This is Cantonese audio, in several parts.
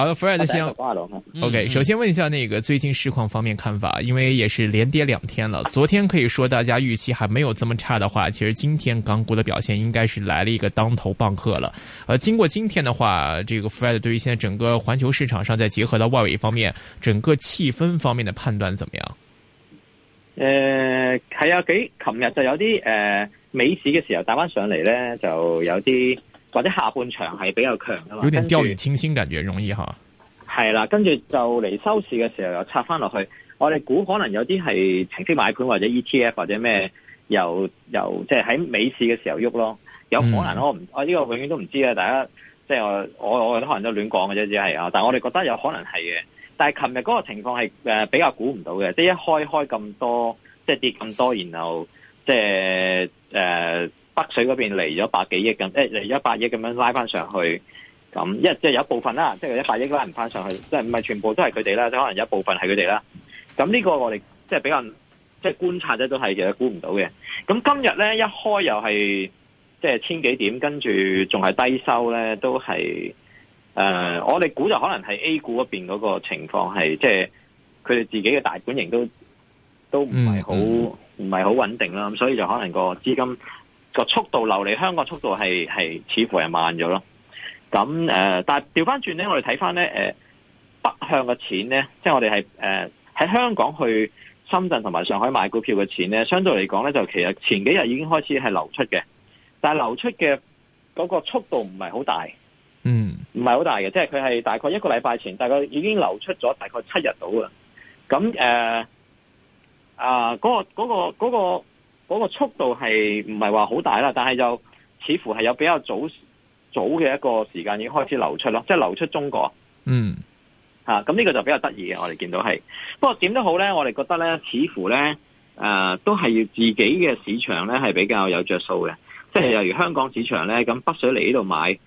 好的，Fred 先。OK，首先問一下那個最近市況方面看法，因為也是連跌兩天了。昨天可以說大家預期還沒有這麼差的話，其實今天港股的表現應該是來了一個當頭棒喝了。呃，經過今天的話，這個 Fred 對於現在整個環球市場上，再結合到外圍方面，整個氣氛方面的判斷怎麼樣？呃，係啊，佢琴日就有啲，誒、呃，美市嘅時候帶翻上嚟呢就有啲。或者下半場係比較強噶嘛，有點掉以輕心，感覺容易嚇。係啦，跟住就嚟收市嘅時候又插翻落去。我哋估可能有啲係程式買盤，或者 ETF 或者咩，又又即係喺美市嘅時候喐咯。有可能我唔，我呢個永遠都唔知啊！大家即係、就是、我，我我都可能都亂講嘅啫，只係啊，但係我哋覺得有可能係嘅。但係琴日嗰個情況係、呃、比較估唔到嘅，即、就、係、是、一開開咁多，即、就、係、是、跌咁多，然後即係誒。就是呃北水嗰邊嚟咗百幾億咁，誒嚟咗百億咁樣拉翻上去咁，一即係、就是、有一部分啦，即、就、係、是、一百億拉唔翻上去，即係唔係全部都係佢哋啦，即、就是、可能有一部分係佢哋啦。咁呢個我哋即係比較即係、就是、觀察咧，都係其實估唔到嘅。咁今日咧一開又係即係千幾點，跟住仲係低收咧，都係誒、呃，我哋估就可能係 A 股嗰邊嗰個情況係，即係佢哋自己嘅大本營都都唔係好唔係好穩定啦，咁所以就可能個資金。個速度流嚟香港速度係係似乎係慢咗咯，咁誒、呃，但係調翻轉咧，我哋睇翻咧，誒、呃、北向嘅錢咧，即係我哋係誒喺香港去深圳同埋上海買股票嘅錢咧，相對嚟講咧，就其實前幾日已經開始係流出嘅，但係流出嘅嗰個速度唔係好大，嗯，唔係好大嘅，即係佢係大概一個禮拜前大概已經流出咗大概七日到啦，咁誒啊嗰個嗰個嗰個。那個那個嗰、那個速度係唔係話好大啦？但係就似乎係有比較早早嘅一個時間已經開始流出咯，即係流出中國。嗯，嚇咁呢個就比較得意嘅，我哋見到係。不過點都好咧，我哋覺得咧，似乎咧，誒、呃、都係要自己嘅市場咧係比較有着數嘅，嗯。即係由於香港市場咧，咁北水嚟呢度買，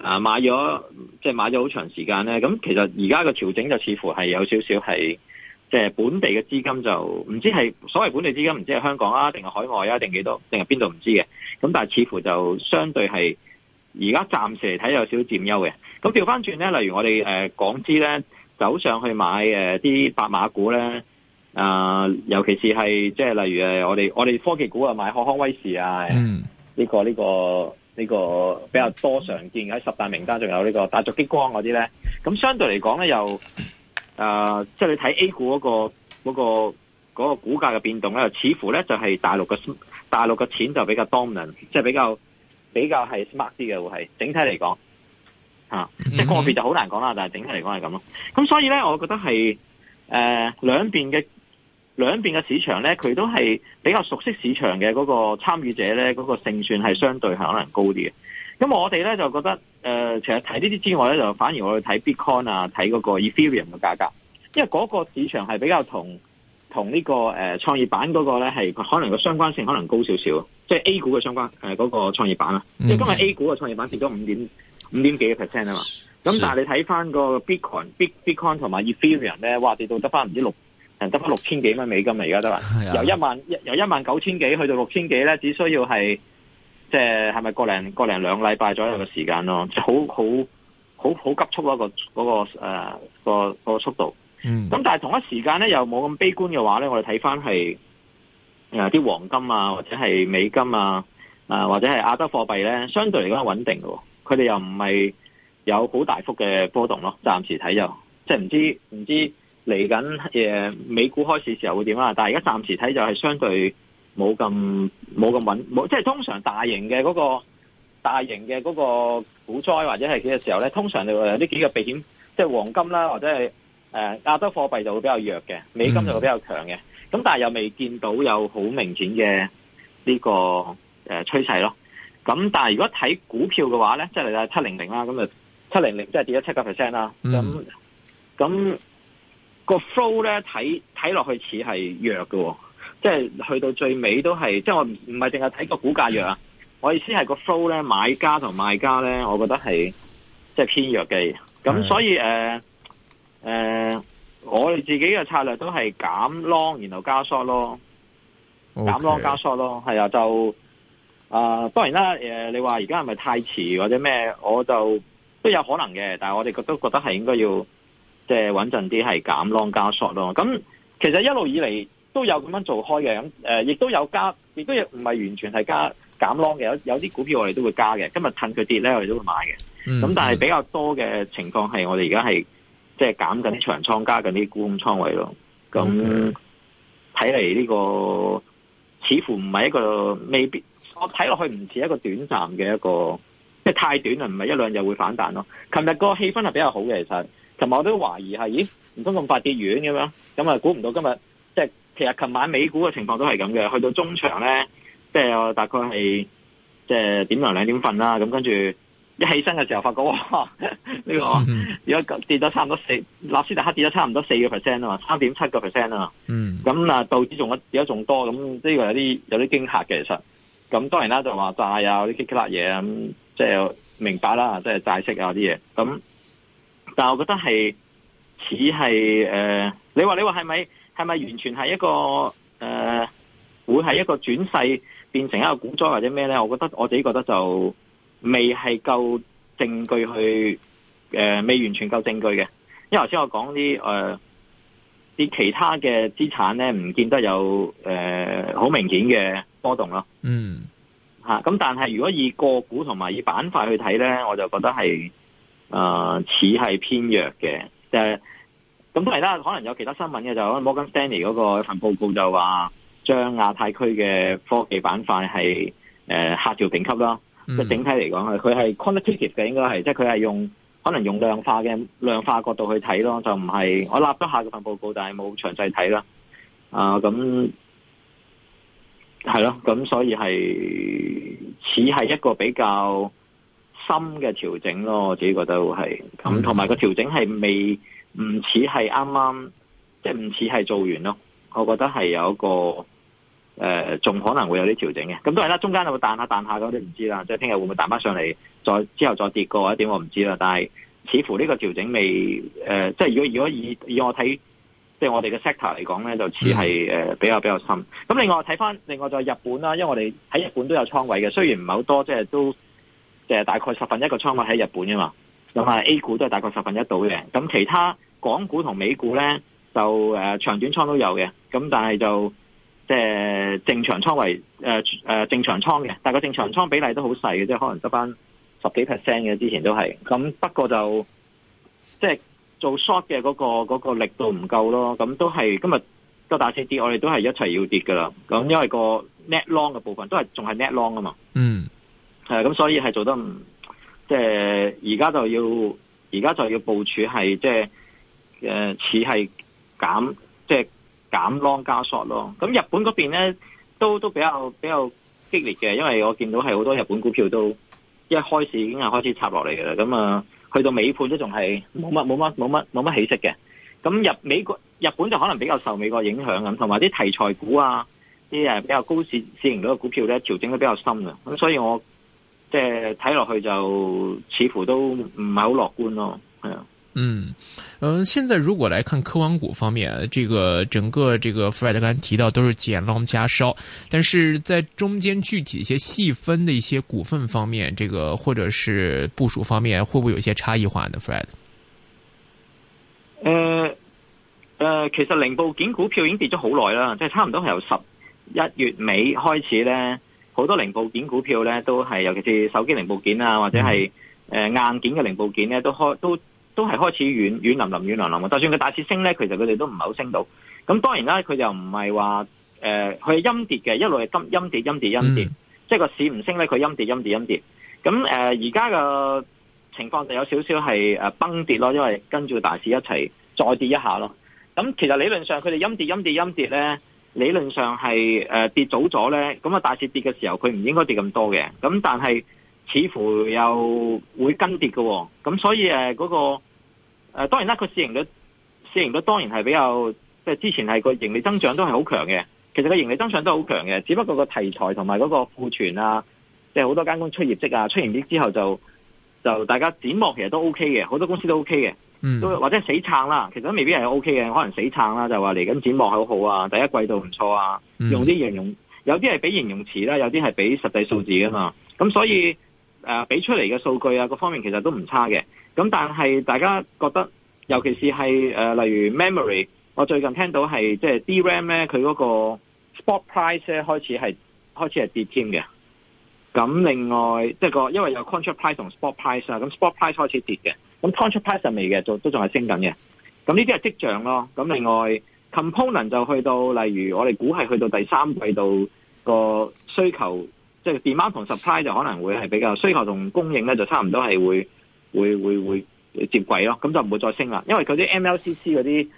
啊買咗即係買咗好長時間咧，咁其實而家嘅調整就似乎係有少少係。即、就、係、是、本地嘅資金就唔知係所謂本地資金，唔知係香港啊，定係海外啊，定幾多，定係邊度唔知嘅。咁但係似乎就相對係而家暫時嚟睇有少少佔優嘅。咁調翻轉咧，例如我哋誒、呃、港資咧走上去買誒啲、呃、白馬股咧，啊、呃，尤其是係即係例如誒我哋我哋科技股啊買康威視啊，嗯，呢、這個呢、這個呢、這個比較多常見嘅十大名單還、這個，仲有呢個大族激光嗰啲咧。咁相對嚟講咧又。誒，uh，即係你睇 A 股嗰個嗰個嗰個股價嘅變動咧，似乎咧就係大陸嘅大陸嘅錢就比較 dominant，即係比較比較係 smart 啲嘅，會係整體嚟講，吓、啊 mm-hmm. 即係個別就好難講啦，但係整體嚟講係咁咯。咁所以咧，我覺得係誒兩邊嘅兩邊嘅市場咧，佢都係比較熟悉市場嘅嗰個參與者咧，嗰個勝算係相對係可能高啲嘅。咁我哋咧就覺得，誒、呃，其實睇呢啲之外咧，就反而我哋睇 Bitcoin 啊，睇嗰個 Ethereum 嘅價格，因為嗰個市場係比較同同呢、這個、呃、創業板嗰個咧係可能個相關性可能高少少，即、就、係、是、A 股嘅相關誒嗰、呃那個創業板啊。即、mm -hmm. 為今日 A 股嘅創業板跌咗五點五點幾 percent 啊嘛。咁、mm -hmm. 但係你睇翻個 Bitcoin、mm -hmm. Bitcoin、Bitcoin 同埋 Ethereum 咧，哇，跌到得翻唔知六，得翻六千幾蚊美金嚟，而家得啦，由一萬、mm -hmm. 由一萬九千幾去到六千幾咧，只需要係。即係係咪過零過零兩禮拜左右嘅時間咯、啊，好好好好急促、啊那個嗰、呃那個誒個、那個速度。咁、嗯、但係同一時間咧又冇咁悲觀嘅話咧，我哋睇翻係誒啲黃金啊或者係美金啊啊、呃、或者係亞洲貨幣咧相對嚟講係穩定喎、啊。佢哋又唔係有好大幅嘅波動咯、啊。暫時睇就即係唔知唔知嚟緊誒美股開市時候會點啦、啊，但係而家暫時睇就係相對。冇咁冇咁穩，冇即係通常大型嘅嗰、嗰個大型嘅嗰個股災或者係幾嘅時候咧，通常就有呢幾個避險，即係黃金啦，或者係誒亞洲貨幣就會比較弱嘅，美金就會比較強嘅。咁但係又未見到有好明顯嘅呢、呢個誒、呃、趨勢咯。咁但係如果睇股票嘅話咧，即係七零零啦，咁就七零零即係跌咗七個 percent 啦。咁、嗯、咁、咁個 flow 咧睇睇落去似係弱喎。即係去到最尾都係，即係我唔係係淨係睇個股價弱。啊！我意思係個 flow 咧，買家同賣家咧，我覺得係即係偏弱嘅。咁所以誒誒、呃呃，我哋自己嘅策略都係減 long 然後加 short 囉。減咯，減、okay. long 加 short 囉，係咯，係啊，就啊、呃，當然啦，誒、呃，你話而家係咪太遲或者咩？我就都有可能嘅，但係我哋都覺得係應該要即係穩陣啲，係減 long 加 short 囉。咯。咁其實一路以嚟，都有咁樣做開嘅，咁誒亦都有加，亦都唔係完全係加減 long 嘅，有有啲股票我哋都會加嘅。今日趁佢跌咧，我哋都會買嘅。咁、嗯、但係比較多嘅情況係我哋而家係即係減緊啲長倉，嗯、加緊啲沽空倉位咯。咁睇嚟呢個似乎唔係一個未必，Maybe, 我睇落去唔似一個短暫嘅一個，即係太短啦，唔係一兩日會反彈咯。琴日個氣氛係比較好嘅，其實琴日我都懷疑係，咦唔通咁快跌遠咁樣，咁啊估唔到今日即係。其實琴晚美股嘅情況都係咁嘅，去到中場咧，即係大概係即係點零兩點瞓啦，咁跟住一起身嘅時候，發覺呢、這個如果 跌咗差唔多四納斯達克跌咗差唔多四個 percent 啊嘛，三點七個 percent 啊嘛，咁、嗯、啊道指仲有仲多咁，呢個有啲有啲驚嚇嘅，其實咁當然啦，就話債啊啲棘棘辣嘢啊。咁，即係明白啦，即係債息啊啲嘢，咁但係我覺得係似係誒、呃，你話你話係咪？係咪完全係一個誒、呃，會係一個轉勢變成一個股災或者咩咧？我覺得我自己覺得就未係夠證據去誒、呃，未完全夠證據嘅。因為頭先我講啲誒，啲、呃、其他嘅資產咧，唔見得有誒好、呃、明顯嘅波動咯。嗯，吓、啊、咁，但係如果以個股同埋以板塊去睇咧，我就覺得係誒、呃、似係偏弱嘅，即、就、係、是。咁都係啦，可能有其他新聞嘅就可、是、能 Morgan Stanley 嗰個份報告就話將亞太區嘅科技板塊係誒下調評級囉。即、mm -hmm. 整體嚟講，係佢係 c o n a i c t 嘅，應該係即係佢係用可能用量化嘅量化角度去睇咯，就唔係我立咗下嗰份報告，但係冇詳細睇啦。啊、呃，咁係咯，咁所以係似係一個比較深嘅調整咯，我自己覺得係咁，同埋個調整係未。唔似係啱啱，即係唔似係做完咯。我覺得係有一個誒，仲、呃、可能會有啲調整嘅。咁都係啦，中間有冇彈下彈下咁，都唔知啦。即係聽日會唔會彈翻上嚟，再之後再跌過或者點，我唔知啦。但係似乎呢個調整未誒、呃，即係如果如果以以我睇，即係我哋嘅 sector 嚟講咧，就似係誒比較比較深。咁另外睇翻，另外就係日本啦，因為我哋喺日本都有倉位嘅，雖然唔係好多，即係都即大概十分一個倉位喺日本啊嘛。咁、嗯、啊 A 股都係大概十分一度嘅。咁其他。港股同美股咧就誒、呃、長短倉都有嘅，咁但係就即係淨長倉為誒誒、呃呃、淨長倉嘅，但個淨長倉比例都好細嘅，即係可能得返十幾 percent 嘅。之前都係咁，不過就即係做 short 嘅嗰、那個嗰、那個力度唔夠咯。咁都係今日都大市跌，我哋都係一齊要跌㗎喇。咁因為個 net long 嘅部分都係仲係 net long 啊嘛。嗯，係、啊、咁，所以係做得唔即係而家就要而家就要部署係即係。誒，似係減，即係減 long 加 short 咯。咁日本嗰邊咧，都都比較比較激烈嘅，因為我見到係好多日本股票都一開始已經係開始插落嚟嘅啦。咁啊，去到尾盤都仲係冇乜冇乜冇乜冇乜起色嘅。咁日美國日本就可能比較受美國影響咁，同埋啲題材股啊，啲誒比較高市市盈率嘅股票咧，調整得比較深嘅。咁所以我即係睇落去就似乎都唔係好樂觀咯，係啊。嗯，嗯、呃，現在如果來看科網股方面，這個整個這個 Fred 剛才提到都是減 long 加 short，但是在中間具體一些細分的一些股份方面，這個或者是部署方面，會不會有一些差異化呢？Fred？呃呃，其實零部件股票已經跌咗好耐啦，即係差唔多係由十一月尾開始咧，好多零部件股票咧都係，尤其是手機零部件啊，或者係誒硬件嘅零部件咧都開都。都係開始軟軟腍腍、軟腍腍，就算個大市升咧，其實佢哋都唔係好升到。咁當然啦，佢又唔係話誒，佢係陰跌嘅，一路係陰跌陰跌陰跌，即係個市唔升咧，佢陰跌陰跌陰跌。咁誒，而家嘅情況就有少少係崩跌咯，因為跟住大市一齊再跌一下咯。咁其實理論上佢哋陰跌陰跌陰跌咧，理論上係、呃、跌早咗咧，咁啊大市跌嘅時候佢唔應該跌咁多嘅。咁但係似乎又會跟跌嘅，咁所以嗰、呃嗰個。誒、呃、當然啦，佢市盈率市盈率當然係比較即係之前係個盈利增長都係好強嘅。其實個盈利增長都好強嘅，只不過個題材同埋嗰個庫存啊，即係好多間公司出業績啊，出完業績之後就就大家展望其實都 O K 嘅，好多公司都 O K 嘅，都或者死撐啦，其實都未必係 O K 嘅，可能死撐啦就話嚟緊展望好好啊，第一季度唔錯啊，用啲形容有啲係俾形容詞啦，有啲係俾實際數字㗎嘛，咁所以誒俾、呃、出嚟嘅數據啊各方面其實都唔差嘅。咁但係大家覺得，尤其是係、呃、例如 memory，我最近聽到係即係 DRAM 咧，佢嗰個 spot price 咧開始係開始係跌添嘅。咁另外即係個因為有 contract price 同 spot price 啊，咁 spot price 開始跌嘅，咁 contract price 未嘅，都仲係升緊嘅。咁呢啲係跡象咯。咁另外 component 就去到例如我哋估係去到第三季度個需求，即係 demand 同 supply 就可能會係比較需求同供應咧就差唔多係會。會會會接軌咯，咁就唔會再升啦。因為佢啲 MLCC 嗰啲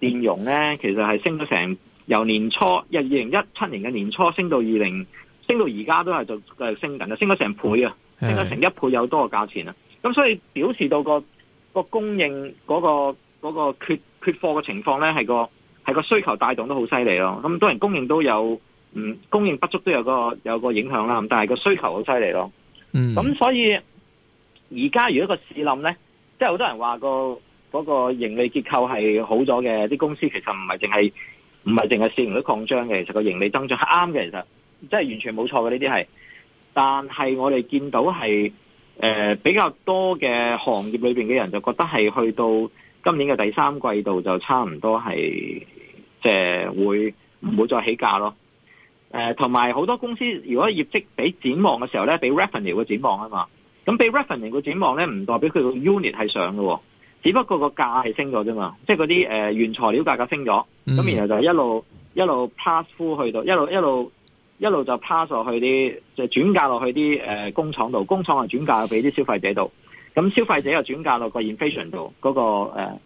電容咧，其實係升咗成由年初，由二零一七年嘅年初升到二零，升到而家都係就升緊，升緊，升咗成倍啊，升咗成一倍有多個價錢啦。咁所以表示到、嗰個個供應嗰、嗰個嗰、嗰個缺缺貨嘅情況咧，係個係個需求帶動都好犀利咯。咁當然供應都有、嗯、供應不足都有個有個影響啦。咁但係個需求好犀利咯。嗯，咁所以。嗯而家如果個市諗咧，即係好多人話個嗰個盈利結構係好咗嘅，啲公司其實唔係淨係唔係淨係市盈率擴張嘅，其實個盈利增長係啱嘅，其實即係完全冇錯嘅呢啲係。但係我哋見到係誒、呃、比較多嘅行業裏面嘅人就覺得係去到今年嘅第三季度就差唔多係即係會唔會再起價咯？誒，同埋好多公司如果業績畀展望嘅時候咧，畀 revenue 嘅展望啊嘛。咁俾 revenue 個展望咧，唔代表佢個 unit 係上嘅喎，哦，只不過個價係升咗啫嘛，即係嗰啲原材料價格升咗，咁、mm -hmm. 然後就一路一路 pass through 去到一路一路一路就 pass 落去啲，就轉嫁落去啲工廠度，工廠係轉嫁俾啲消費者度，咁消費者又轉嫁落個 inflation 度嗰、嗰個誒嗰、呃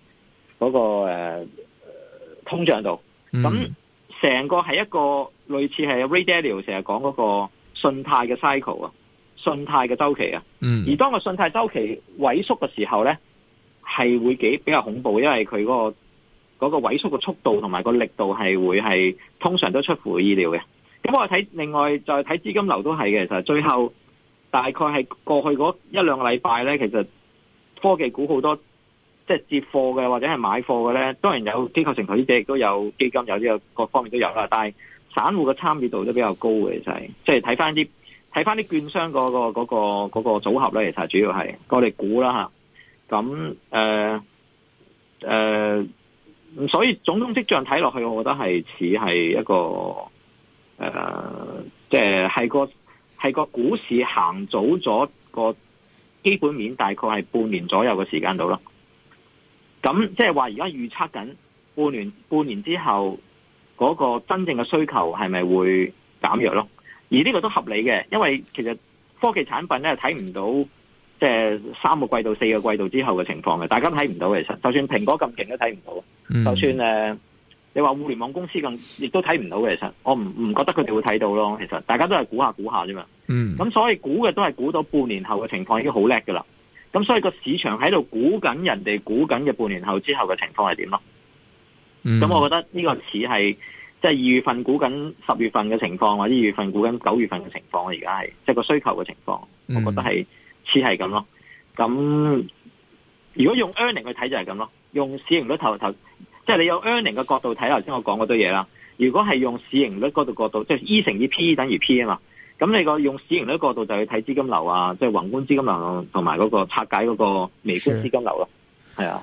嗰個、呃、通脹度，咁、mm、成 -hmm. 個係一個類似係 Ray Dalio 成日講嗰個信貸嘅 cycle 啊。信貸嘅周期啊，嗯、而當個信貸周期萎縮嘅時候咧，係會幾比較恐怖，因為佢嗰個嗰個萎縮嘅速度同埋個力度係會係通常都出乎意料嘅。咁我睇另外再睇資金流都係嘅，其實最後大概係過去嗰一兩個禮拜咧，其實科技股好多即係接貨嘅或者係買貨嘅咧，當然有機構投資者亦都有基金，有呢個各方面都有啦。但係散戶嘅參與度都比較高嘅，就係即係睇翻啲。睇翻啲券商嗰個嗰個嗰個組合咧，其實主要係個力股啦吓。咁誒、誒，所以總體跡象睇落去，我覺得係似係一個誒，即係係個係個股市行早咗個基本面，大概係半年左右嘅時間度咯。咁即係話而家預測緊半年半年之後嗰個真正嘅需求係咪會減弱咯？而呢個都合理嘅，因為其實科技產品咧睇唔到，即係三個季度、四個季度之後嘅情況嘅，大家睇唔到嘅。嗯。其實就算蘋果咁勁都睇唔到，就算誒，你話互聯網公司咁，亦都睇唔到。其實我唔唔覺得佢哋會睇到咯。其實大家都係估下估下啫嘛。咁、嗯、所以估嘅都係估到半年後嘅情況已經好叻噶啦。咁所以個市場喺度估緊人哋估緊嘅半年後之後嘅情況係點咯。咁、嗯、我覺得呢個似係。即係二月份估緊十月份嘅情況，或者二月份估緊九月份嘅情況，而家係即係個需求嘅情況，我覺得係似係咁咯。咁、嗯、如果用 earning 去睇就係咁咯，用市盈率頭頭，即係你有 earning 嘅角度睇，頭先我講嗰堆嘢啦。如果係用市盈率度角度，即係 E 乘以 P 等於 P 啊嘛。咁你個用市盈率角度就去睇資金流啊，即係宏觀資金流同埋嗰個拆解嗰個微觀資金流咯。係啊。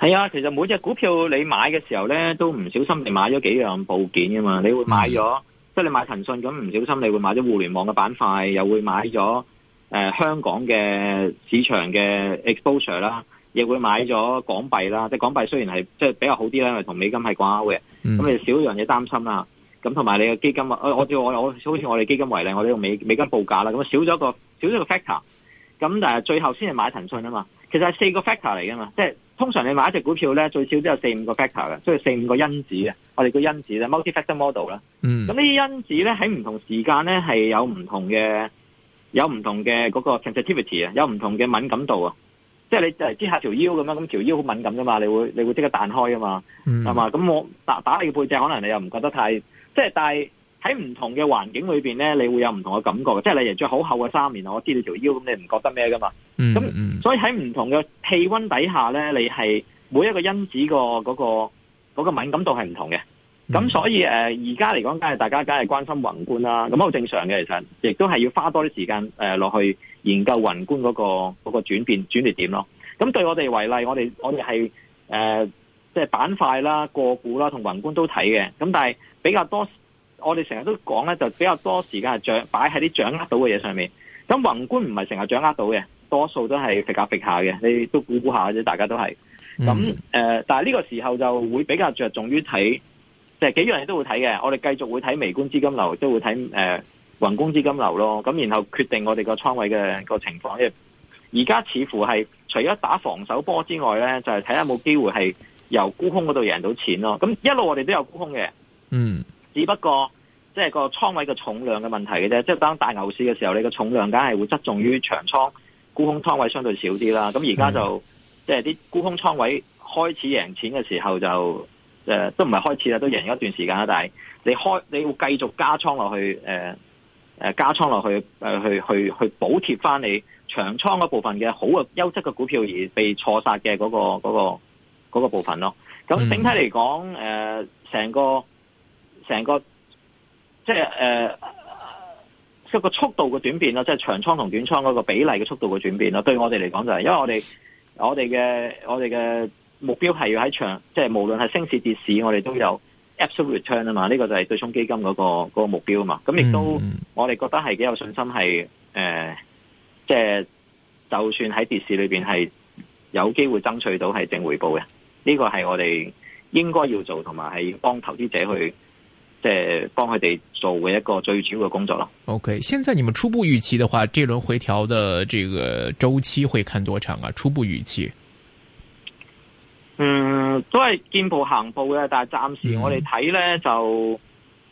係啊，其實每隻股票你買嘅時候咧，都唔小心你買咗幾樣部件噶嘛。你會買咗、嗯，即係你買騰訊咁，唔小心你會買咗互聯網嘅板塊，又會買咗誒、呃、香港嘅市場嘅 exposure 啦，亦會買咗港幣啦。即係港幣雖然係即係比較好啲啦，因為同美金係掛鈎嘅，咁、嗯、你就少樣嘢擔心啦。咁同埋你嘅基金啊、哎，我我我好似我哋基金為例，我哋用美美金報價啦，咁少咗個少咗個 factor。咁但係最後先係買騰訊啊嘛。其實係四個 factor 嚟噶嘛，即係。通常你買一隻股票咧，最少都有四五個 factor 嘅，即係四五個因子嘅。我哋叫因子咧，multi-factor model 啦。嗯。咁呢啲因子咧，喺唔同時間咧係有唔同嘅，有唔同嘅嗰個 sensitivity 啊，有唔同嘅敏感度是啊。即係你即係擠下條腰咁樣，咁條腰好敏感噶嘛，你會你會即刻彈開噶嘛，係嘛，嗯？咁我打打你嘅背脊，可能你又唔覺得太即係帶。但喺唔同嘅環境裏邊咧，你會有唔同嘅感覺，即係你着好厚嘅衫，然後我知你條腰，咁你唔覺得咩噶嘛？咁、嗯、所以喺唔同嘅氣溫底下咧，你係每一個因子個、嗰個嗰個、嗰個敏感度係唔同嘅。咁、嗯、所以誒，而家嚟講，梗係大家梗係關心宏觀啦。咁好正常嘅，其實亦都係要花多啲時間誒落、呃、去研究宏觀嗰、嗰個嗰、嗰個轉變轉折點咯。咁對我哋為例，我哋我哋係誒即係板塊啦、個股啦同宏觀都睇嘅。咁但係比較多。我哋成日都講咧，就比較多時間係掌擺喺啲掌握到嘅嘢上面。咁宏觀唔係成日掌握到嘅，多數都係食下食下嘅。你都估估下啫，大家都係。咁，嗯，誒，但係呢個時候就會比較着重於睇，即係幾樣嘢都會睇嘅。我哋繼續會睇微觀資金流，都會睇誒宏觀資金流咯。咁然後決定我哋個倉位嘅個情況。因而家似乎係除咗打防守波之外咧，就係睇下有冇機會係由沽空嗰度贏到錢咯。咁一路我哋都有沽空嘅，嗯。只不過即係、就是、個倉位嘅重量嘅問題嘅啫，即、就、係、是、當大牛市嘅時候，你嘅重量梗係會側重於長倉，沽空倉位相對少啲啦。咁而家就即係啲沽空倉位開始贏錢嘅時候就誒、呃、都唔係開始啦，都贏咗一段時間啦。但係你開你會繼續加倉落去誒誒、呃、加倉落去誒、呃、去去去補貼翻你長倉嗰部分嘅好嘅優質嘅股票而被錯殺嘅嗰個嗰、那個嗰、那個部分咯。咁整體嚟講誒成個。成個即係誒，一、呃、個速度嘅轉變咯，即係長倉同短倉個比例嘅速度嘅轉變咯。對我哋嚟講就係、是，因為我哋我哋嘅我哋嘅目標係要喺長，即係無論係升市跌市，我哋都有 absolute return 啊嘛。呢個就係對沖基金嗰個、那個目標啊嘛。咁亦都我哋覺得係幾有信心，係、呃、誒，即、就、係、是、就算喺跌市裏邊係有機會爭取到係正回報嘅。呢、這個係我哋應該要做，同埋係要幫投資者去。即係幫佢哋做嘅一個最主要嘅工作咯。OK，現在你們初步預期的話，這輪回調的這個週期會看多長啊？初步預期，嗯，都係見步行步嘅，但係暫時我哋睇呢，yeah. 就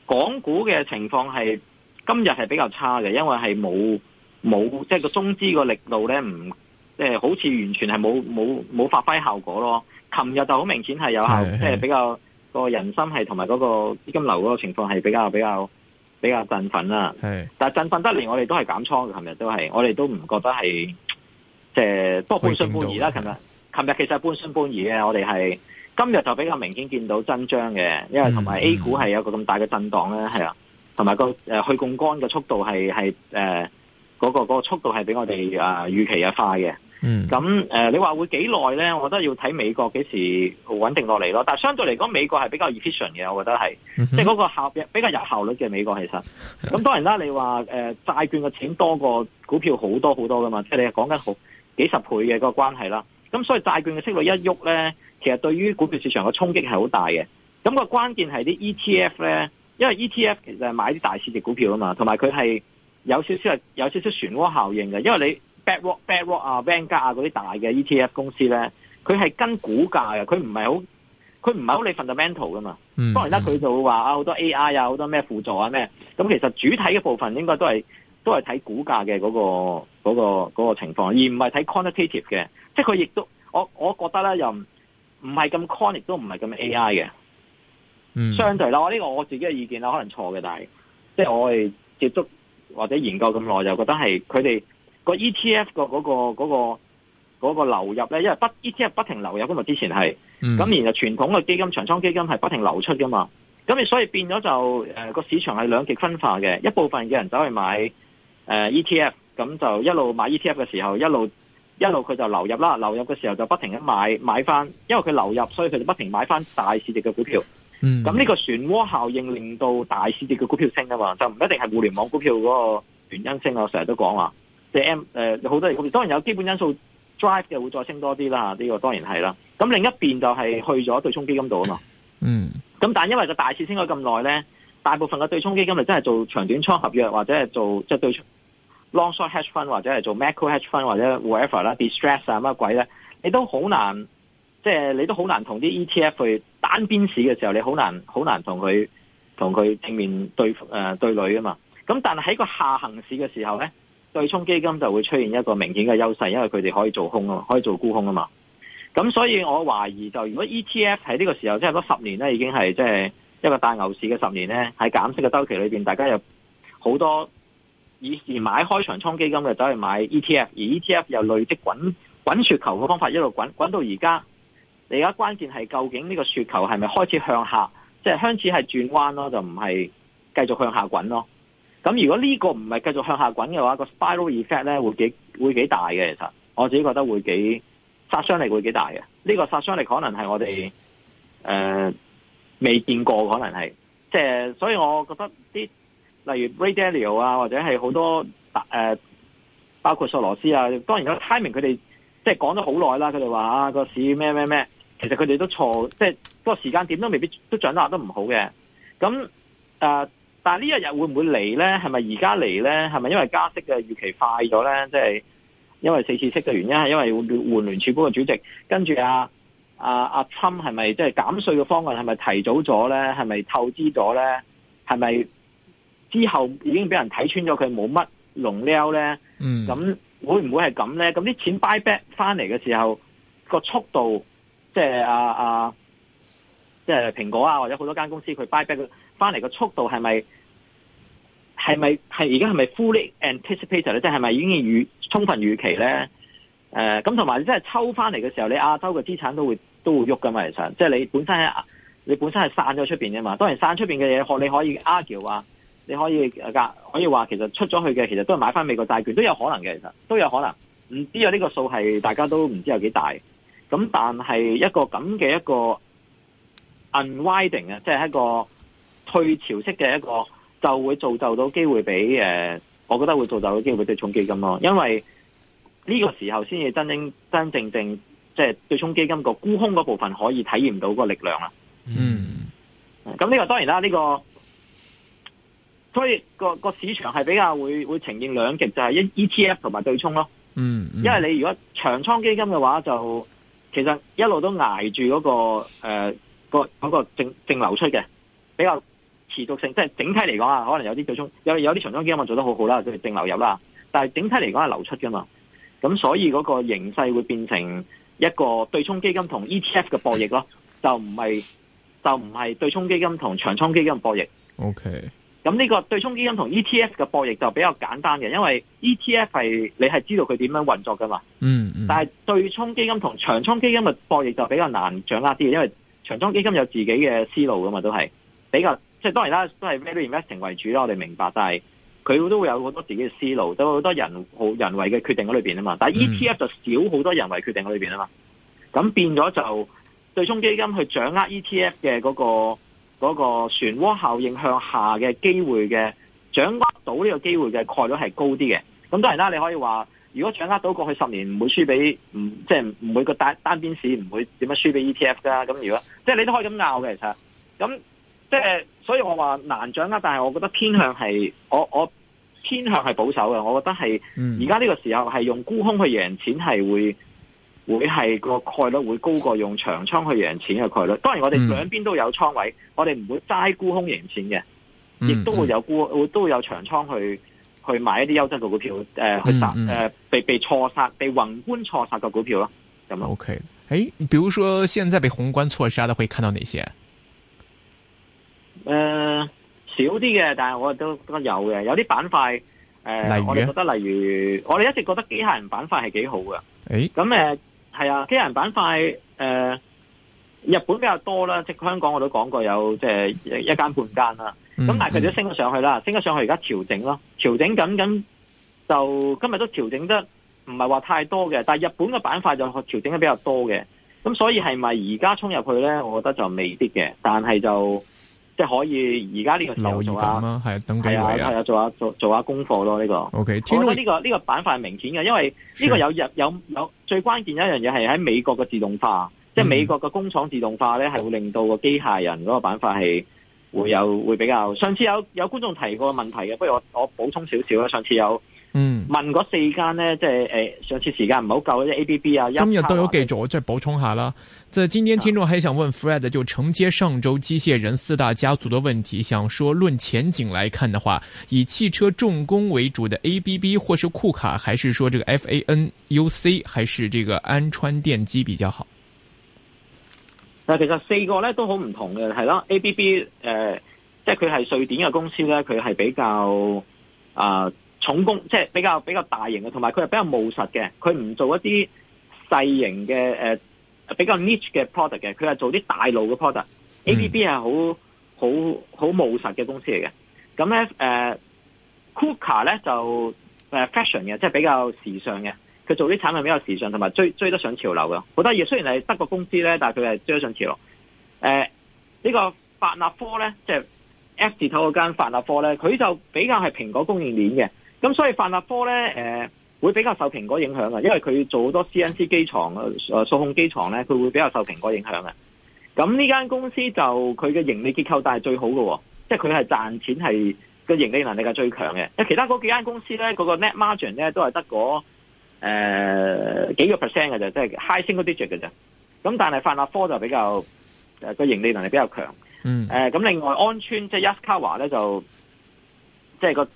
港股嘅情況係今日係比較差嘅，因為係冇冇即係個中資個力度呢，唔即係好似完全係冇冇冇發揮效果咯。琴日就好明顯係有效，即係比較。個人心係同埋嗰個資金流嗰個情況係比較比較比較振奮啦。係，但係振奮得嚟，我哋都係減倉嘅，琴日都係？我哋都唔覺得係，即、呃、係，不過半信半疑啦。琴日，琴日其實半信半疑嘅，我哋係今日就比較明顯見到真章嘅，因為同埋 A 股係有一個咁大嘅震蕩咧，係啊，同埋個誒、呃、去槓桿嘅速度係係誒嗰個、那個速度係比我哋、呃、預期啊快嘅。嗯，咁誒、呃，你話會幾耐咧？我覺得要睇美國幾時穩定落嚟咯。但係相對嚟講，美國係比較 efficient 嘅，我覺得係，即係嗰個效比較有效率嘅美國其實。咁當然啦，你話誒債券嘅錢多過股票好多好多噶嘛，即係你講緊好幾十倍嘅個關係啦。咁所以債券嘅息率一喐咧，其實對於股票市場嘅衝擊係好大嘅。咁，個關鍵係啲 ETF 咧，因為 ETF 其實係買啲大市值股票啊嘛，同埋佢係有少少有少少漩渦效應嘅，因為你。BlackRock、BlackRock 啊、Vanguard 啊嗰啲大嘅 ETF 公司咧，佢係跟股價嘅，佢唔係好，佢唔係好理 fundamental 噶嘛、嗯。當然啦，佢就會話啊，好多 AI 啊，好多咩輔助啊咩，咁、嗯、其實主體嘅部分應該都係都係睇股價嘅嗰個嗰個嗰個情況，而唔係睇 quantitative 嘅，即係佢亦都我我覺得咧，又唔係咁 quant 亦都唔係咁 AI 嘅。相對啦，呢個我自己嘅意見啦，可能錯嘅，但係即係我哋接觸或者研究咁耐就覺得係佢哋。ETF 的那個 ETF、那個嗰個個個流入咧，因為不 ETF 不停流入，噶嘛之前係，咁、嗯、然後傳統嘅基金、長倉基金係不停流出噶嘛，咁所以變咗就誒個、呃、市場係兩極分化嘅，一部分嘅人走去買誒、呃、ETF，咁就一路買 ETF 嘅時候，一路一路佢就流入啦，流入嘅時候就不停咁買買翻，因為佢流入，所以佢就不停買翻大市值嘅股票，咁、嗯、呢個漩渦效應令到大市值嘅股票升噶嘛，就唔一定係互聯網股票嗰個原因升，我成日都講話。即係好多嘢，當然有基本因素 drive 嘅會再升多啲啦。呢、啊這個當然係啦。咁另一邊就係去咗對沖基金度啊嘛。嗯。咁但係因為個大市升咗咁耐咧，大部分嘅對沖基金咪真係做長短倉合約，或者係做即係、就是、對沖 long short hedge fund，或者係做 macro hedge fund，或者 whatever 啦 d e stress 啊乜鬼咧，你都好難，即、就、係、是、你都好難同啲 ETF 去單邊市嘅時候，你好難好難同佢同佢正面對、呃、對壘啊嘛。咁但係喺個下行市嘅時候咧。對沖基金就會出現一個明顯嘅優勢，因為佢哋可以做空啊嘛，可以做沽空啊嘛。咁所以我懷疑就如果 ETF 喺呢個時候，即係嗰十年咧已經係即係一個大牛市嘅十年咧，喺減息嘅周期裏面，大家有好多以前買開場沖基金嘅走去買 ETF，而 ETF 又累積滾，滾雪球嘅方法一路滾滾到而家。你而家關鍵係究竟呢個雪球係咪開始向下，即係開始係轉彎咯，就唔係繼續向下滾咯。咁如果呢個唔係繼續向下滾嘅話，個 spiral effect 咧會幾會幾大嘅，其實我自己覺得會幾殺傷力會幾大嘅。呢個殺傷力可能係我哋誒未見過，可能係即係所以，我覺得啲例如 Ray Dalio 啊，或者係好多誒包括索羅斯啊，當然個 timing 佢哋即係講咗好耐啦，佢哋話啊個市咩咩咩，其實佢哋都錯，即係個時間點都未必都掌握得唔好嘅。咁誒。但係呢一日會唔會嚟咧？係咪而家嚟咧？係咪因為加息嘅預期快咗咧？即係因為四次息嘅原因係因為換聯儲局嘅主席，跟住啊啊啊侵係咪即係減稅嘅方案係咪提早咗咧？係咪透支咗咧？係咪之後已經俾人睇穿咗佢冇乜龍 liao 咧？咁、嗯、會唔會係咁咧？咁啲錢 buy back 翻嚟嘅時候、個速度，即係啊啊，即、啊、係、即係、蘋果啊或者好多間公司佢 buy back 翻嚟、個速度係咪？係咪係而家係咪 fully anticipated 咧？即係咪已經預充分預期咧？誒、呃，咁同埋即係抽翻嚟嘅時候，你亞洲嘅資產都會都會喐噶嘛？其實，即係你本身係你本身係散咗出邊嘅嘛。當然散出邊嘅嘢，可你可以 argue 話，你可以噶可以話，其實出咗去嘅其實都係買翻美國債券，都有可能嘅。其實都有可能，唔知有呢個數係大家都唔知有幾大。咁但係一個咁嘅一個 unwinding 啊，即係一個退潮式嘅一個。就會造就到機會俾誒，我覺得會造就到機會俾對沖基金咯，因為呢個時候先至真正真正正即係、就是、對沖基金個沽空嗰部分可以體驗到嗰個力量啦。Mm. 嗯，咁、這、呢個當然啦，呢、這個所以個個市場係比較會會呈現兩極，就係、是、ETF 同埋對沖咯。嗯、mm.，因為你如果長倉基金嘅話，就其實一路都挨住嗰個誒、呃那個個正,正流出嘅比較。持續性，即係整體嚟講啊，可能有啲對沖有有啲長倉基金啊做得好好啦，佢淨流入啦。但係整體嚟講係流出嘅嘛，咁所以嗰個形勢會變成一個對沖基金同 ETF 嘅博弈咯，就唔係，就唔係對沖基金同長倉基金博弈。OK. 咁呢個對沖基金同 ETF 嘅博弈就比較簡單嘅，因為 ETF 係你係知道佢點樣運作噶嘛。嗯、mm -hmm. 但係對沖基金同長倉基金嘅博弈就比較難掌握啲，因為長倉基金有自己嘅思路噶嘛，都係比較。即係當然啦，都係 value investing 為主啦。我哋明白，但係佢都會有好多自己嘅思路，都會有好多人好人為嘅決定喺裏面啊嘛。但係 ETF 就少好多人為決定喺裏面啊嘛。咁變咗就對沖基金去掌握 ETF 嘅嗰個嗰個旋渦效應向下嘅機會嘅，掌握到呢個機會嘅概率係高啲嘅。咁當然啦，你可以話如果掌握到過去十年唔會輸俾唔即係唔會個單單邊市唔會點樣輸俾 ETF 㗎啦。咁如果即係你都可以咁拗嘅，其實咁即係。所以我話難掌握，但係我覺得偏向係我我偏向係保守嘅。我覺得係而家呢個時候係用沽空去贏錢係會會係個概率會高過用長倉去贏錢嘅概率。當然我哋兩邊都有倉位，我哋唔會齋沽空贏錢嘅，亦都會有沽，會都有長倉去去買一啲優質嘅股票，誒、呃、去誒、呃、被被錯殺、被宏觀錯殺嘅股票咯。咁 OK，誒，比如說現在被宏觀錯殺的會看到哪些？誒、呃，少啲嘅，但係我都都有嘅。有啲板塊誒、呃，我哋覺得例如，我哋一直覺得機械人板塊係幾好㗎。誒、哎，咁誒係啊，機械人板塊誒、呃，日本比較多啦。即香港我都講過有即係一間半間啦。咁、嗯、但係佢哋都升咗上去啦、嗯，升咗上去而家調整咯，調整緊緊。就今日都調整得唔係話太多嘅，但係日本嘅板塊就調整得比較多嘅。咁所以係咪而家衝入去咧？我覺得就未必嘅，但係就。即係可以而家呢個做留意下、啊，啦，係等下係啊，啊，啊，做下做做下功課咯呢、okay. 呢個。O K，因為呢個呢個板塊係明顯嘅，因為呢個有日有有最關鍵一樣嘢係喺美國嘅自動化，即係美國嘅工廠自動化咧，係會令到個機械人嗰個板塊係會有會比較。上次有有觀眾提過問題嘅，不如我我補充少少啦。上次有。嗯，問嗰四間呢，即係誒，上次時間唔好夠，即係 A B B 啊，今日都有記住，我再補充下啦。即係今天聽眾還想問 Fred，就承接上周機械人四大家族的問題，想說論前景來看的話，以汽車重工為主的 A B B，或是庫卡，還是說這個 F A N U C，還是這個安川電機比較好？但其實四個呢都好唔同嘅，係啦 a B B 誒，即係佢係瑞典嘅公司呢，佢係比較啊。呃重工即係比較比較大型嘅，同埋佢係比較務實嘅，佢唔做一啲細型嘅誒、呃、比較 niche 嘅 product 嘅，佢係做啲大路嘅 product。ABB 係好好好務實嘅公司嚟嘅，咁咧誒，Kuka 咧就誒、呃、fashion 嘅，即係比較時尚嘅，佢做啲產品比較時尚，同埋追追得上潮流嘅，好多嘢雖然係德國公司咧，但係佢係追得上潮流。誒、呃，呢、這個法納科咧，即、就、係、是、F 字頭嗰間法納科咧，佢就比較係蘋果供應鏈嘅。咁所以泛立科咧，誒會比較受蘋果影響啊，因為佢做好多 CNC 機床啊，數控機床咧，佢會比較受蘋果影響嘅。咁呢間公司就佢嘅盈利結構但係最好嘅、哦，即係佢係賺錢係個盈利能力係最強嘅。即其他嗰幾間公司咧，嗰、嗰個 net margin 咧都係得嗰誒幾個 percent 嘅啫，即係 high single digit 嘅啫。咁但係泛立科就比較個、呃、盈利能力比較強。咁、嗯呃、另外安川即係 Yaskawa 咧就即係個。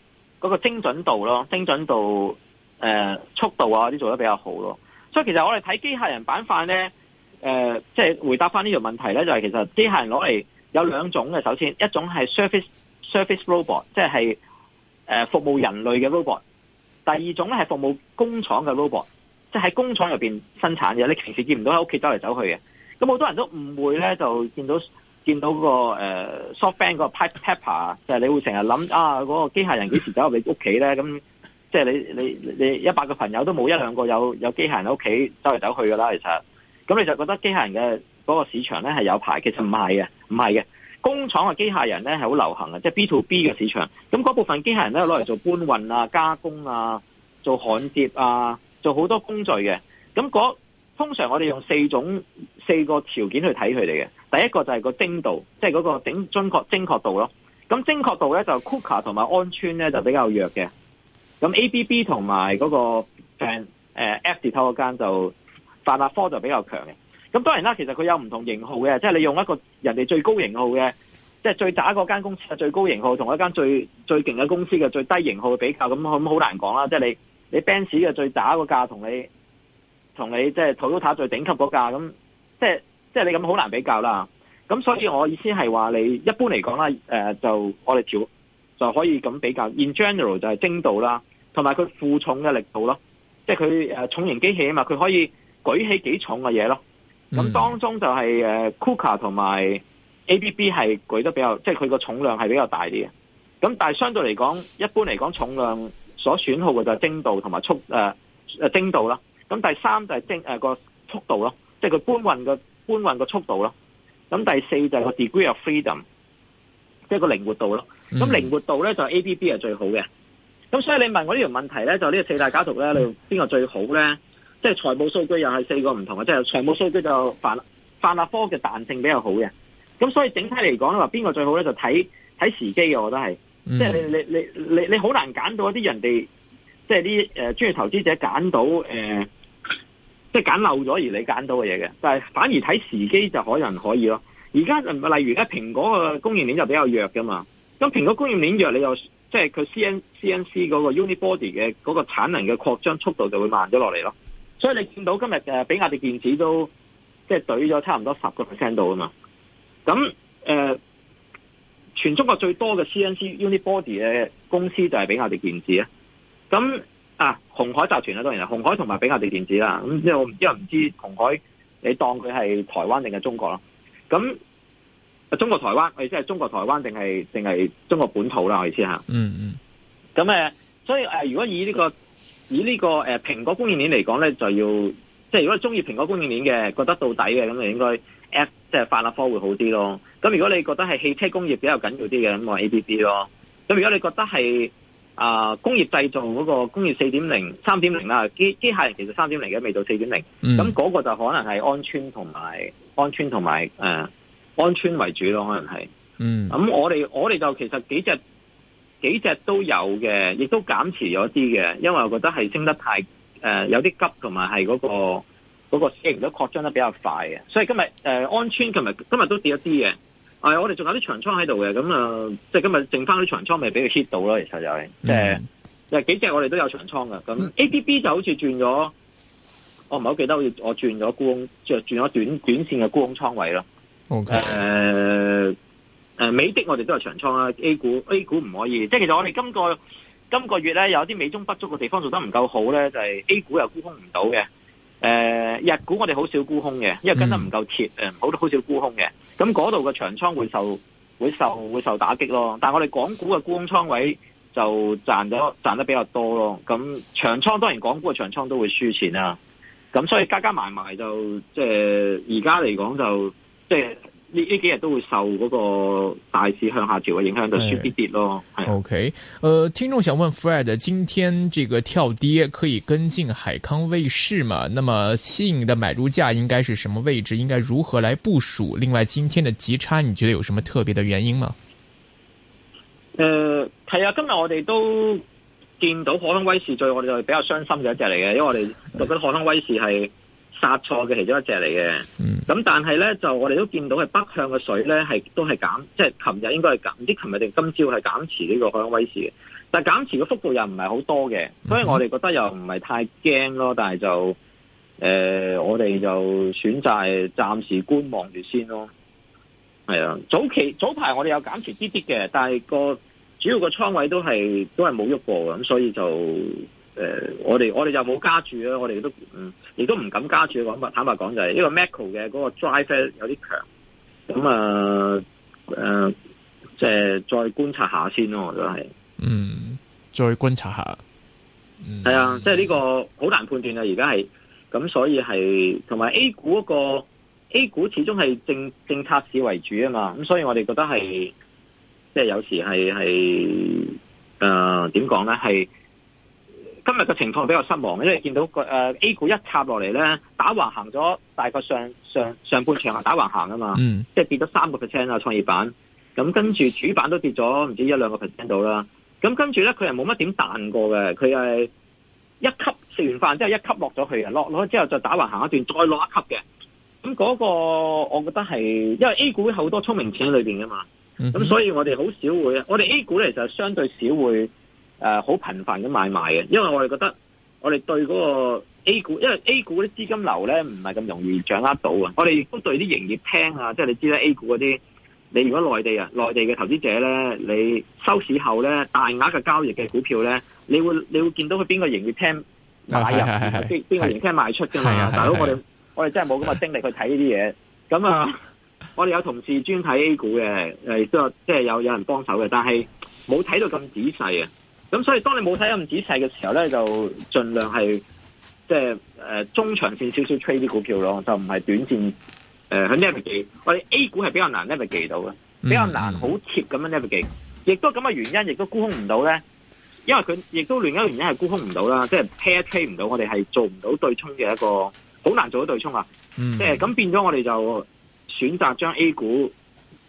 嗰、那個精準度咯，精準度誒、呃、速度啊啲做得比較好咯，所以其實我哋睇機械人板塊咧，誒即係回答翻呢條問題咧，就係、是、其實機械人攞嚟有兩種嘅，首先一種係 surface surface robot，即、就、係、是呃、服務人類嘅 robot，第二種咧係服務工廠嘅 robot，即係喺工廠入邊生產嘅，你平時見唔到喺屋企走嚟走去嘅，咁好多人都誤會咧就見到。見到個誒 softbank 個 pipe paper 就係你會成日諗啊，嗰個機械人幾時走入你屋企咧？咁即係你你你一百個朋友都冇一兩個有有機械人喺屋企走嚟走去㗎啦。其實，咁你就覺得機械人嘅嗰個市場咧係有排，其實唔係嘅，唔係嘅。工廠嘅機械人咧係好流行嘅，即係 B to B 嘅市場。咁嗰部分機械人咧攞嚟做搬運啊、加工啊、做焊接啊、做好多工序嘅。咁嗰通常我哋用四種四個條件去睇佢哋嘅，第一個就係個精度，即係嗰個頂準確精確度咯。咁精確度咧就 Kuka 同埋安川咧就比較弱嘅。咁 ABB 同埋嗰個誒 F 字頭嗰間就法拉科就比較強嘅。咁當然啦，其實佢有唔同型號嘅，即係你用一個人哋最高型號嘅，即係最渣嗰間公司嘅最高型號，同一間最最勁嘅公司嘅最低型號比較，咁咁好難講啦。即係你你 Benz 嘅最渣個價同你。同你即係 Toyota 最頂級嗰架咁，即係即係你咁好難比較啦。咁所以我意思係話，你一般嚟講啦，誒、呃、就我哋調就可以咁比較。In general 就係精度啦，同埋佢負重嘅力度咯，即係佢誒重型機器啊嘛，佢可以舉起幾重嘅嘢咯。咁當中就係 Kuka 同埋 ABB 係舉得比較，即係佢個重量係比較大啲嘅。咁但係相對嚟講，一般嚟講重量所損耗嘅就係精度同埋速誒誒、呃、精度啦。咁第三就係精、啊、個速度咯，即係佢搬運個搬運個速度咯。咁第四就係個 degree of freedom，即係個靈活度咯。咁靈活度咧就 ABB 係最好嘅。咁所以你問我呢條問題咧，就呢個四大家族咧，你邊個最好咧？即係財務數據又係四個唔同嘅，即係財務數據就泛泛亞科嘅彈性比較好嘅。咁所以整體嚟講咧，話邊個最好咧？就睇睇時機嘅，我覺得係。即係你你你你你好難揀到一啲人哋，即係啲誒專業投資者揀到、呃即係揀漏咗而你揀到嘅嘢嘅，但係反而睇時機就可能可以咯。而家例如而家蘋果嘅供應鏈就比較弱㗎嘛，咁蘋果供應鏈弱，你又即係佢 C N C N C 嗰個 Unibody 嘅嗰個產能嘅擴張速度就會慢咗落嚟咯。所以你見到今日誒，比亞迪電子都即係懟咗差唔多十個 percent 度啊嘛。咁誒、呃，全中國最多嘅 C N C Unibody 嘅公司就係比亞迪電子啊。咁。啊！鴻海集團啦，當然啦，鴻海同埋比亞迪電子啦。咁即係，我唔知又唔知鴻海，你當佢係台灣定係中國咯？咁中國台灣，我意思係中國台灣定係定係中國本土啦，我意思嚇。嗯嗯。咁誒，所以誒、呃，如果以呢、這個以呢、這個誒、呃、蘋果供應鏈嚟講咧，就要即係如果中意蘋果供應鏈嘅，覺得到底嘅，咁就應該 A 即係法拉科會好啲咯。咁如果你覺得係汽車工業比較緊要啲嘅，咁我 A B B 咯。咁如果你覺得係啊！工業製造嗰個工業四點零、三點零啦，機機械人其實三點零嘅，未到四點零。咁嗰個就可能係安川同埋安川同埋誒安川為主咯，可能係。咁、mm. 我哋我哋就其實幾隻幾隻都有嘅，亦都減持咗啲嘅，因為我覺得係升得太誒、呃、有啲急，同埋係嗰個嗰、嗰個市盈率擴張得比較快嘅。所以今日誒、呃、安川今日今日都跌一啲嘅。係、哎，我哋仲有啲長倉喺度嘅，咁啊、呃，即係今日剩翻啲長倉，咪俾佢 hit 到咯。其實就係、嗯，即係幾隻我哋都有長倉㗎。咁 A、B、B 就好似轉咗，我唔係好記得，我我轉咗沽空，轉咗短短線嘅沽空倉位咯。O、okay. K、呃。誒、呃、誒，美的我哋都有長倉啦。A 股 A 股唔可以，即係其實我哋今個今個月咧有啲美中不足嘅地方做得唔夠好咧，就係、是、A 股又沽空唔到嘅。誒、呃、日股我哋好少沽空嘅，因為跟得唔夠貼，好、嗯、好、呃、少沽空嘅。咁嗰度嘅長倉會受會受會受打擊咯，但我哋港股嘅沽空倉位就賺咗賺得比較多咯。咁長倉當然港股嘅長倉都會輸錢啦、啊。咁所以加加埋埋就即係而家嚟講就即係。呢呢幾日都會受嗰個大市向下調嘅影響，就輸啲跌咯。係，OK，誒、呃，聽眾想問 Fred，今天這個跳跌可以跟進海康威視嘛？那麼吸引的買入價應該是什麼位置？應該如何來部署？另外，今天的急差你覺得有什麼特別的原因嗎？誒，係啊，今日我哋都見到海康威視，對我哋就比較傷心嘅一隻嚟嘅，因為我哋覺得海康威視係。扎錯嘅其中一隻嚟嘅，咁但係呢就我哋都見到係北向嘅水呢係都係減，即係琴日應該係減，唔知琴日定今朝係減持呢個海康威視嘅，但係減持嘅幅度又唔係好多嘅，所以我哋覺得又唔係太驚咯，但係就誒、呃、我哋就選擇係暫時觀望住先咯。係啊，早期早排我哋有減持啲啲嘅，但係個主要個倉位都係都係冇喐過咁，所以就。誒、呃，我哋我哋又冇加注，我哋都嗯，亦都唔敢加注。講白坦白講就係，呢個 Macro 嘅嗰個 drive 有啲強，咁啊誒，即、呃、係、呃就是、再觀察下先咯。我都係，嗯，再觀察一下。係、嗯嗯、啊，即係呢個好難判斷啊。而家係咁，所以係同埋 A 股嗰個 A 股始終係政政策市為主啊嘛。咁所以我哋覺得係，即、就、係、是、有時係係誒，點講咧係。呃今日嘅情況比較失望，因為你見到個誒 A 股一插落嚟咧，打橫行咗大概上上上半場啊打橫行啊嘛，即係跌咗三個 percent 啊，創業板，咁跟住主板都跌咗唔知一兩個 percent 到啦，咁跟住咧佢又冇乜點彈過嘅，佢係一級食完飯、就是、之後一級落咗去，落落咗之後再打橫行一段，再落一級嘅，咁、那、嗰個我覺得係因為 A 股好多聰明錢喺裏邊噶嘛，咁、嗯、所以我哋好少會，我哋 A 股咧就相對少會。誒、呃，好頻繁嘅買賣嘅，因為我哋覺得我哋對嗰個 A 股，因為 A 股啲資金流咧唔係咁容易掌握到啊！我哋亦都對啲營業廳啊，即係你知啦，A 股嗰啲，你如果內地啊，內地嘅投資者咧，你收市後咧大額嘅交易嘅股票咧，你會你會見到佢邊個營業廳買入，邊、啊、邊個營業廳賣出噶嘛？大佬，是是是我哋我哋真係冇咁嘅精力去睇呢啲嘢，咁啊，啊 我哋有同事專睇 A 股嘅，誒，亦都即係有有人幫手嘅，但係冇睇到咁仔細啊！咁所以，當你冇睇咁仔細嘅時候咧，就盡量係即係誒中長線少少 trade 啲股票咯，就唔係短線誒喺、呃、navigate。我哋 A 股係比較難 navigate 到嘅，比較難好貼咁樣 navigate。亦都咁嘅原因，亦都沽空唔到咧，因為佢亦都另一原因係沽空唔、就是、到啦，即係 pair trade 唔到，我哋係做唔到對沖嘅一個，好難做到對沖啊。即係咁變咗，我哋就選擇將 A 股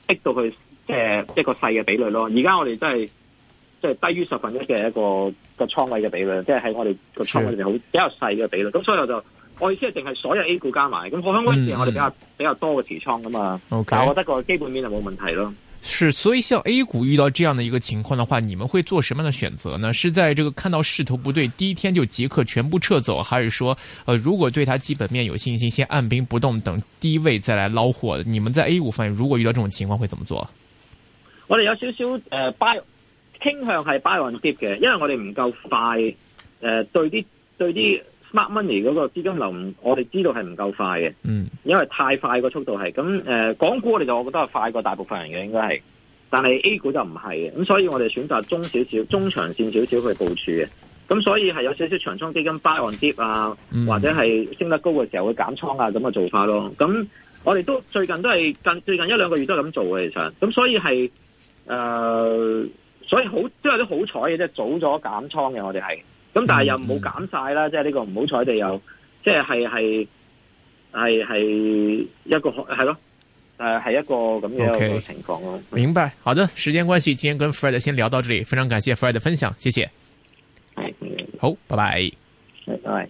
逼到去即係、就是、一個細嘅比率咯。而家我哋都係。即、就、係、是、低於十分一嘅一個個倉位嘅比率，即係喺我哋個倉位入邊好比較細嘅比率。咁所以我就，我意思係淨係所有 A 股加埋。咁我諗嗰時我哋比較、嗯、比較多嘅持倉噶嘛。Okay. 但係我覺得個基本面就冇問題咯。是，所以像 A 股遇到這樣的一個情況的話，你們會做什麼樣的選擇呢？是在這個看到勢頭不對第一天就即刻全部撤走，還是說，呃，如果對它基本面有信心，先按兵不動，等低位再來撈貨？你們在 A 股方面如果遇到這種情況會怎麼做？我哋有少少誒傾向係 buy on dip 嘅，因為我哋唔夠快。誒、呃，對啲對啲 smart money 嗰個資金流，我哋知道係唔夠快嘅。嗯，因為太快個速度係。咁誒、呃，港股我哋就我覺得係快過大部分人嘅應該係，但係 A 股就唔係嘅。咁所以，我哋選擇中少少、中長線少少去部署嘅。咁所以係有少少長倉基金 buy on dip 啊，嗯、或者係升得高嘅時候會減倉啊，咁嘅做法咯。咁我哋都最近都係近最近一兩個月都係咁做嘅，其實。咁所以係誒。呃所以好、嗯，即係都有啲好彩嘅，即係早咗減倉嘅，我哋係。咁但係又冇減晒啦，即係呢個唔好彩地又，即係係係係係一個係咯，誒係一個咁樣嘅情況咯、okay, 嗯。明白，好的，時間關係，今天跟 Fred 先聊到這裏，非常感謝 Fred 的分享，謝謝。係、嗯、好，拜拜。拜拜。